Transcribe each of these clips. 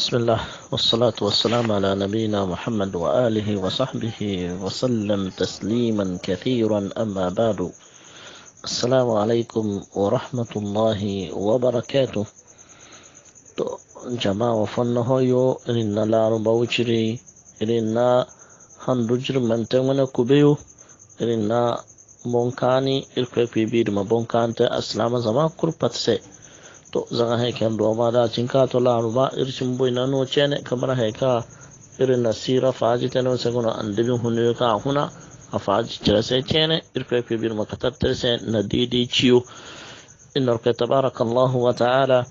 بسم الله والصلاة والسلام على نبينا محمد وآله وصحبه وسلم تسليما كثيرا أما بعد السلام عليكم ورحمة الله وبركاته جماعة يو إننا لا وجري إننا هندجر من تمنى كبيو إننا بونكاني إلقى في بير ما بونكانت أسلام زمان كربت سي to zaga heken ɗo maɗa cinka to laaru ma ir cumboy nano ceene kamara heka iri nasira faji tene on sagono an debi hunoyo ka huna a faji cerase ceene ir pepebir maka tattarse na didi ciyo inorke tabaraka llahu wa taala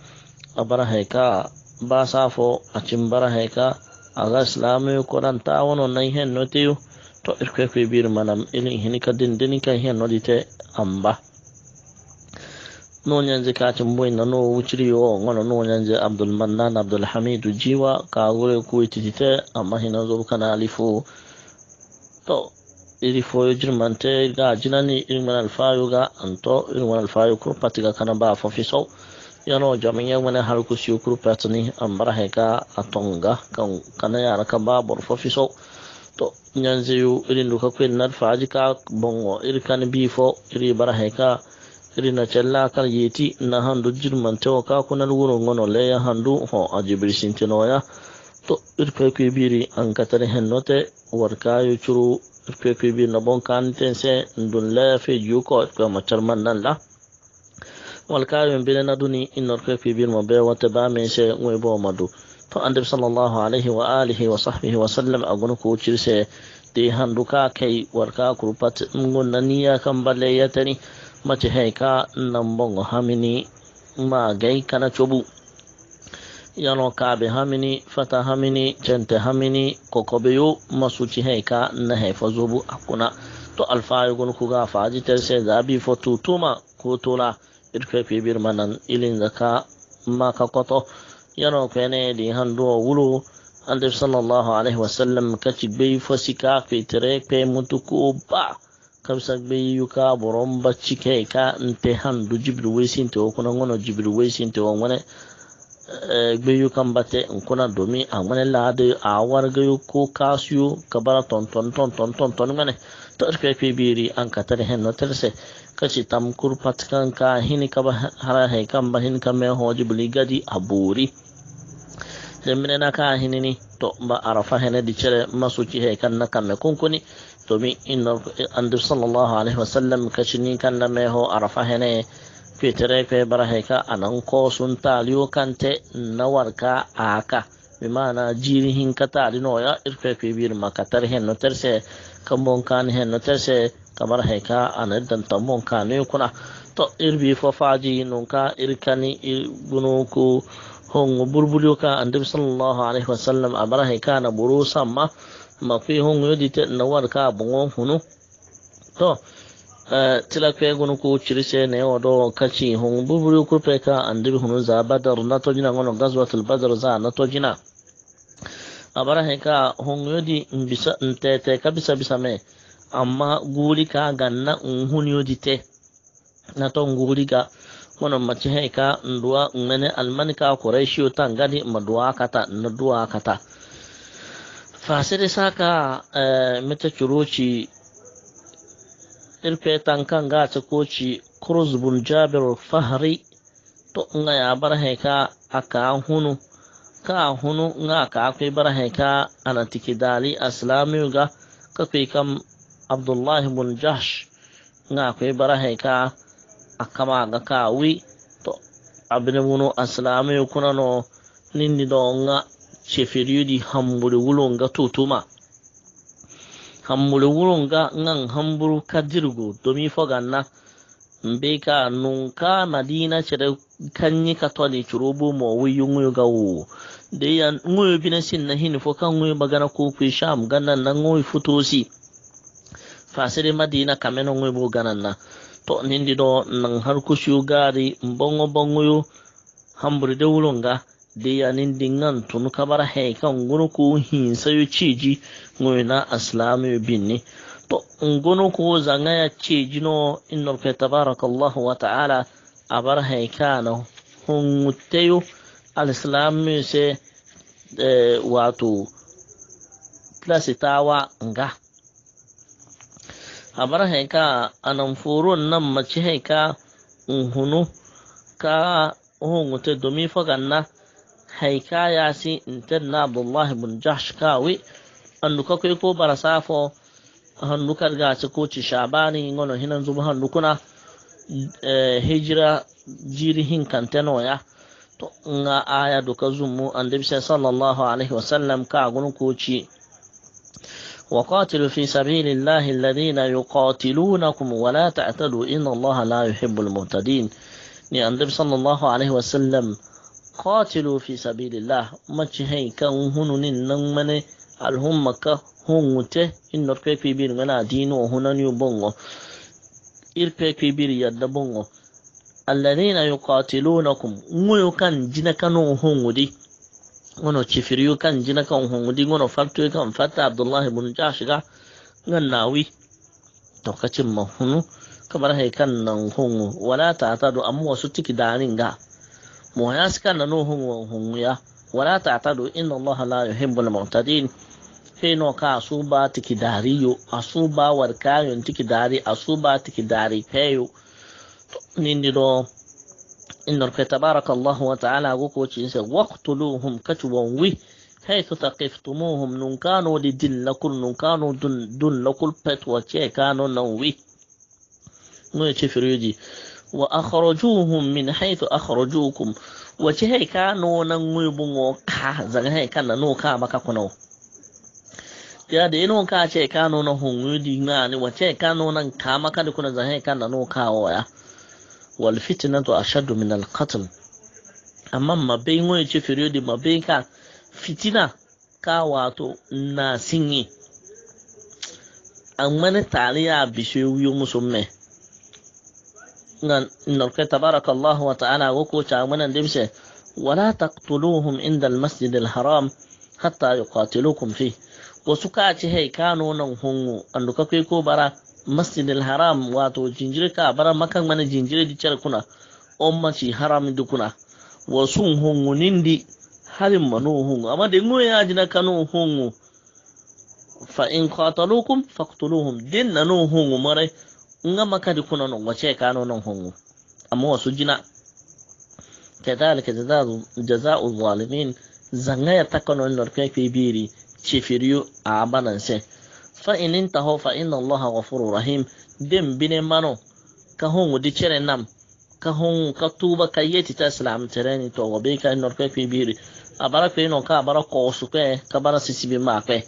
a bara heka basafo a cimbara heka aga islamiyo koɗan ta wono nayi hennoteyo to ir pepebir manam ili hini ka dindini ka hennodite amba noñanje kacim boy nano wuciri yo ngono noñanje abdulmannan abdulhamidu jiwa kagure kuwititite amma hina zobu kana alifu to iri jirmante ga jinani iri alfayo ga anto iri alfayo kurpati kana ba fofi yano jamin ya wani har kusiyo kurpati ni atonga kana yara ka ba bor fofi to nyanze yu kwen nalfaji ka bongo iri bifo iri bara rina cella kan na handu jirmantewo ka kunal wuro ngono leya handu hoo a jibirisintinoya to irkwekibiri an katar hennote warkayo curu irkwekibiri na bon kanitense ndun leya fe juko kwema carman nan la walkayon bine na duni inorkwekibiri mo ma wate baminse ngoy bo madu to andab sallallahu alaihi wa alihi wa sahbihi wa sallam agunu ko cirse de handu ka kai warka kurpat ngon naniya kan balle yatani mati hay ka nambongo hamini magay kana cobu yano kabe hamini fata hamini cente hamini kokobeyo masuci hay ka na hay zobu akuna to alfayo gon kuga faji terse zabi fo tutuma ko tola irke pibir manan ilin zaka maka koto yano kene di handuwa wulu andir sallallahu alaihi wasallam kaci bai fo sika pe tere pe mutuku kamsak be yuka boromba chike ka nte handu jibril wesinte o kuna ngono jibril wesinte o ngone gbe eh, yu kambate nkuna domi a ngone laade a warga yu ko kasiyo kabara tonton tonton tonton ngone tarke kwe biri an ka tare hen no terse kaci tamkur patkan ka hini kaba hara he kamba hin kame ho jibli gadi aburi zemine na ka hini to ba arafa hene di chere masuci he kan na kame kunkuni to be in andu sallallahu alaihi wasallam kashini kanna meho arafa hene fitere kwe baraheka anan ko sun taliyo kante nawarka aka mi mana jiri hinka tali noya irkwe kwe bir makatar hen no terse kambon kan hen no terse kamar heka anan dan tambon kan kuna to irbi fo faji nunka irkani bunu ko hongo burbuliyo ka andu sallallahu alaihi wasallam abarahe kana burusan ma mafihu yodite na war ka bungo hunu to eh, tila kwe gunu ku chirise ne odo kachi hungu buburi ukurpe ka andibi hunu za badar nato jina gono gazwatul badar za nato jina abara heka hungu yodi mbisa ntete kabisa bisa me amma guli ka ganna unhuni yodite nato nguli ka wano machi heka nduwa mene almani ka kureishi utangani maduwa kata nduwa kata faasede saka uh, eh, mete curuci irpetanka ngaca koci cruz bun jaber fahri to ngaya barahaka aka hunu ka hunu ngaka akwai barahaka anatikidali aslamiga kakwai kam abdullahi bun jash ngakwai barahaka akamaga kawi to abinemunu aslamiu kunano nindidonga seferiyodi hamburu wulonga totuma hamburu wulonga ngan hamburu kadirgo domi foganna mbe ka nunka madina sere kanyi katoni curobo mo wiyu ngoyo gawo deya ngoyo bina sinna hini fo kan ngoyo bagana kokwe sham ganan na ngoyo futosi fasere madina kameno ngoyo bo ganan na to nindi do nan harkusiyo gari mbongo bongoyo hamburu de wulonga yanin dingan tun kabar he kan gunu ko hinsa yu ciji ngoyna aslamu binni to gunu ko zanga ya ciji no inna ke tabarakallahu wa ta'ala abar he kana hun mutayu alislamu se e, wato klasi tawa nga abar he ka anan furun nan mace he ka hunu ka mutai domin faganna. na intan na abdullahi bin jahsh kawi anduka kai ko barasafo handukar gaci ko ci shabani ngono hinan zuba handukuna eh, hijira jiri hinkante noya to nga aya duka zumu annabi sallallahu alaihi wasallam ka gun ko ci وقاتلوا في سبيل alladhina yuqatilunakum wa la ta'tadu inna الله la yuhibbul mu'tadin ni annabi sallallahu alaihi wasallam qatilu fi sabilillah mace hay kan hununin nan mane alhumma ka hunwute innor kai pibir mana dino hunan yu bongo ir kai pibir yadda bongo na yuqatilunakum nguyo kan jina kanu hunwudi ngono chifiriyu kan jina kan hunwudi ngono faktu kan fatta abdullah ibn jash ga gannawi to kacin mahunu kamar hay kan nan hunwu wala ta ta do amma wasu tiki danin ga مهاسكا ننوهم وهم يا ولا تعتدوا إن الله لا يحب المعتدين هينو كا أصوبا تكداري أصوبا وركايو تكداري أصوبا تكداري هيو نندرو إن ربك تبارك الله وتعالى وكو تشينسا وقتلوهم كتوانوي حيث تقفتموهم نون كانوا لدن لكل نون كانوا دن, دن لكل بيت وكي كانوا نووي نوي تفريدي wa akhrajuhum min haythu akhrajukum wace hay ka no nan ngubun o ka zaga hay kan no ka maka kuno ya da yin ka ce ka no na ni wa wace ka no nan ka maka da kuno zaga hay kan no ka waya wal fitnatu ashaddu min al qatl amma ma bai ngoye ce firiyo ma bai ka fitina ka wato na sinye amma ne taliya ya bishe wuyo musu mai نلقي تبارك الله وتعالى وكو تعاونا دمسه ولا تقتلوهم عند المسجد الحرام حتى يقاتلوكم فيه وسكاتي هي كانوا نهون أنك كيكو برا مسجد الحرام واتو جنجري كابرا مكان من جنجري دي تركنا أما شي حرام دكنا وسون هون نندي harin manu hungu amma da ngoy yaji na kanu hungu fa in qataluukum faqtuluhum din nanu hungu mare nga di kuna non wace kano non hongo amma wasu jina kadhalika jazaa'u zalimin zanga ya takono kai fi biri chefiriyo a abananse fa in intahu fa inna allaha ghafurur rahim dem bine mano ka hon wudi chere nam ka hon ka tuba ka yeti ta islam tereni to wabe ka kai fi biri abara pe no ka abara ko su ka bara sisibi ma ke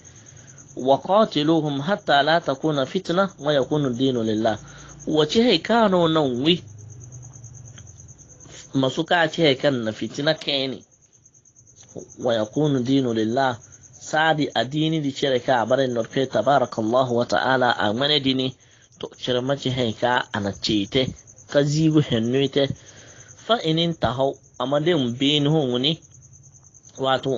وقاتلوهم حتى لا تكون فتنة ويكون الدين لله وجهي كانوا نوي masuka ce kan na fitina kaini wa yakunu dinu lillah sadi adini di cire ka bare norfe tabarakallahu wa ta'ala a mane dini to cire mace hai ka ana cete ka zigu hennu ite fa inin tahau wato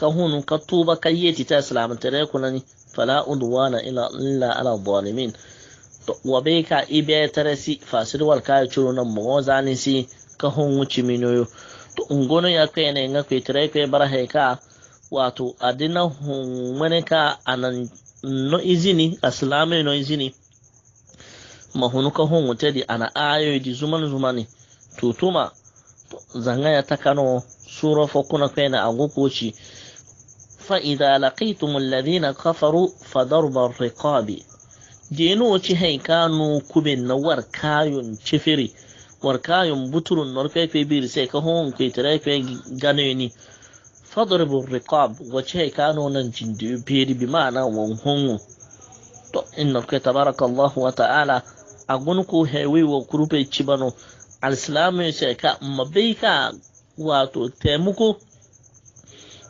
ka hun ka tuba ka yeti ta islamantare kunani fala udwana ila illa ala zalimin wa be ka ibe tarasi fasir wal ka curu nan mo zani si ka hun wuci minoyo to ungono ya kai ne nga kai tare kai bara he ka wato adina hun mene ka anan no izini aslame no izini mahunu ka hun wuce di ana ayo di zuman zumani tutuma zanga ya takano sura fokuna kai na agokoci فإذا لقيتم الذين كفروا فضرب الرقاب جينو تشهي كانوا كبن وركايون تشفري warkayon butulun norkai kwe biri sai ka hon kwe tare kwe gane ni fadribu riqab wace ka nonan jindi biri bi ma'ana won honu to in norkai tabarakallahu wa ta'ala a gunku hewi wa kurupe cibano alislamu sai ka mabai ka wato taimako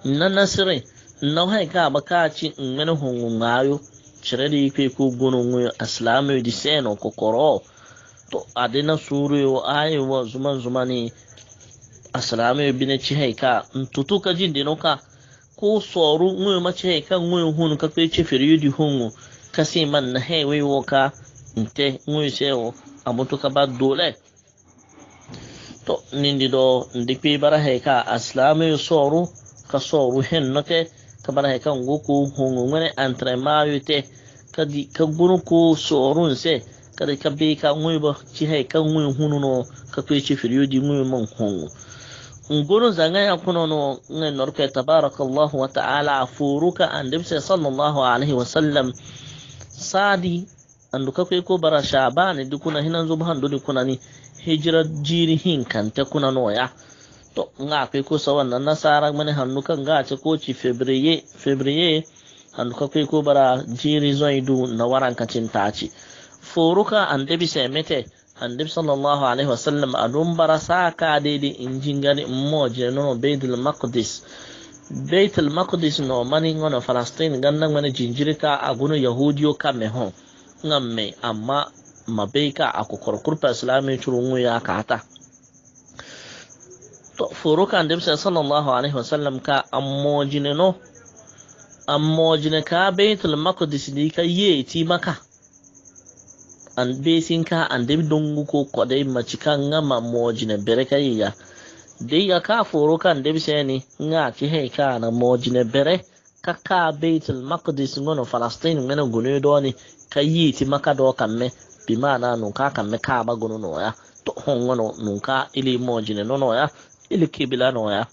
na nasirai nau ka bakachi ngmenu hongu ngayo chiredi ikwe ku gunu nguyo aslamu di seno kokoro to adina suru yo ayo wa zuman zumani aslamu bine chihai ka ntutu ka jindino ka ko soru nguyo machihai ka nguyo hunu ka kwe chifiri yudi hongu kasi man na hewe wo ka nte nguyo ka ba dole to bara soru ka soru hen Ka he kan go ko hongo ngene entraînement kadi ka gunu ko sorun se kada ka bi ka ngui ba ci he kan ngui hunu no ka kwe ci firiyo di ngui man hungu ngunu zanga ya kuno no ngai norke tabarakallahu wa ta'ala furuka andibse sallallahu alaihi wa sallam. sadi andu ka ko bara shabani dukuna hinan zubhan handu dukuna ni hijira jiri hin kante kuna ya. to gakoy ko sawanna nasarak mane hannuka gaca koci février février hannuka koy ko bara jirison du na waranka cintaci foruka an debi semete annabi salllahu alayhi wa sallam aɗum bara sakadeɗi in jingani mo jenono beytul makdis beytul makdis no mani gono palastine ganda mane jinjirita aguno yahudio kamme ho gamme amma mabeyka ako korkurpa islamicuru guyakata to furu ka andemsa sallallahu alaihi wasallam ka ammojine no ammojine ka baitul maqdis ni ka yeti maka an besin ka andem dongu ko kodai macika ngama mojine bere ka yiya dai ya ka furu ka andemsa ni nga ci he ka na mojine bere ka ka baitul maqdis ngono falastin ngono gune do ni ka yeti maka do kamme bi mana nun ka kamme ka ba gunu no ya to hongono nun ka ili mojine no no ya ilkibila noya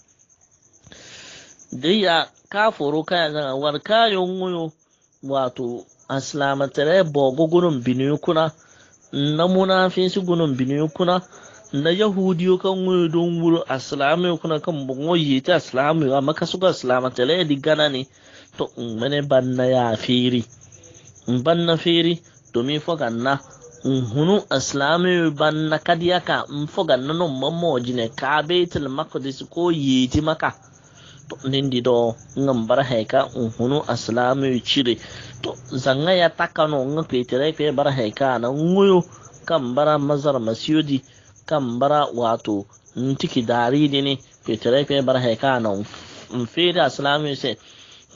diya kafuru kaya zanga war kayo nguyo wato aslamatare bogo gunun binu kuna na munafinsu gunun binu kuna na yahudiyo kan nguyo don wuro aslamiyo kuna kan bungo yita aslamiyo amma kasuka aslamatare di gana ne to mene banna ya firi banna firi domin fokan na nhunu islami ban na kadiyaka mfoga nanu mamo jine ka baitul maqdis ko yiti maka to nindi do ngam bar haika nhunu islami cire to zanga ya takano ngam petere pe bar heka na nguyo ka bara mazar masyudi ka bara wato ntiki dari dini, petere pe bar heka na mfeda islami se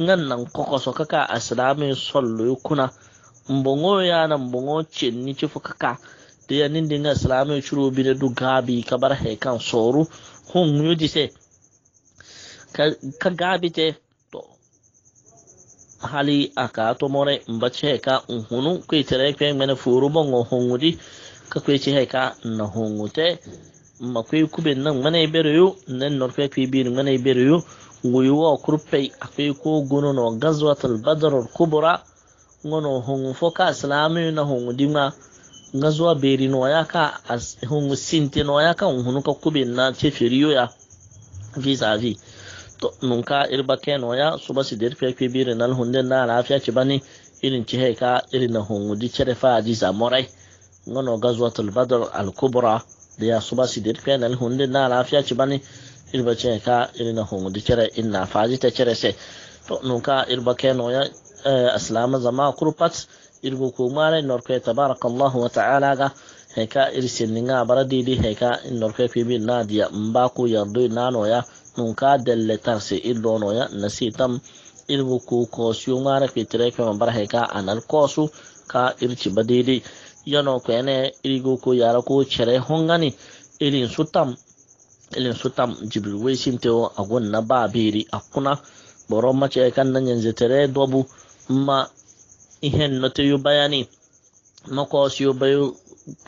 ngan nan kokoso kaka islami sollo kuna mbongo na mbongo ni ci fukaka da ya nindi nga islamiyo ciro bi da gabi ka bar haikan soro hun yudi se ka gabi te to hali aka to more mbace haika nhunu ko itere kwe mene furu bongo hungudi ka kwe ci haika na mba makwai kubin nan mana ibere yu nan norfe kwe biri mana ibere yo wuyo wa kurfai akwai ko gono no gazwatul badarar kubura. ngono hongu fo ka silami na hongu dinga nga zuwa beri no ya ka hongu sinti no ya ka hunu ka kubin na cefiriyo ya visa vi to nun ka irba ke no ya su ba su der pepe biri na hunde na lafiya ci bani irin ci heka irin na hongu di cere fa di zamorai ngono ga zuwa tulbadar al-kubra da ya su ba na der pepe na hunde na lafiya ci bani irba ci irin na hongu di cere inna faji ta cere se to nun irba ke no ya aslama zama kurpat irgu kumare norke tabarakallahu wa ta'ala ga heka irsinninga baradidi heka norke kwibi nadia mbaku yardu nanoya nunka delle tarse illonoya nasitam irgu ku kosu mare fitire kama bar heka anal kosu ka irci badidi yano kwene irigo ko yara ko chere hongani irin sutam irin sutam jibril wesim agon na akuna boro mace kan dobu ma ihenno teyu bayani ma koosiyo bayu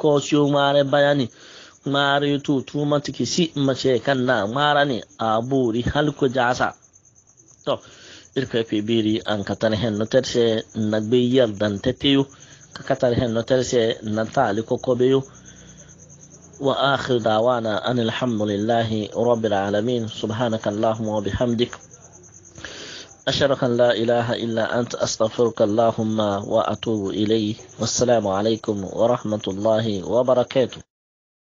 koosiyo maare bayani maariyo tu tumati kisi mace kanna maarani a buuri halko jaasa to irkoype biri an katana henno terse na gbe yardante teyu ka katana henno terse na taali kokobeyu وآخر دعوانا أن الحمد لله رب العالمين سبحانك اللهم وبحمدك أشهد أن لا إله إلا أنت أستغفرك اللهم وأتوب إليه والسلام عليكم ورحمة الله وبركاته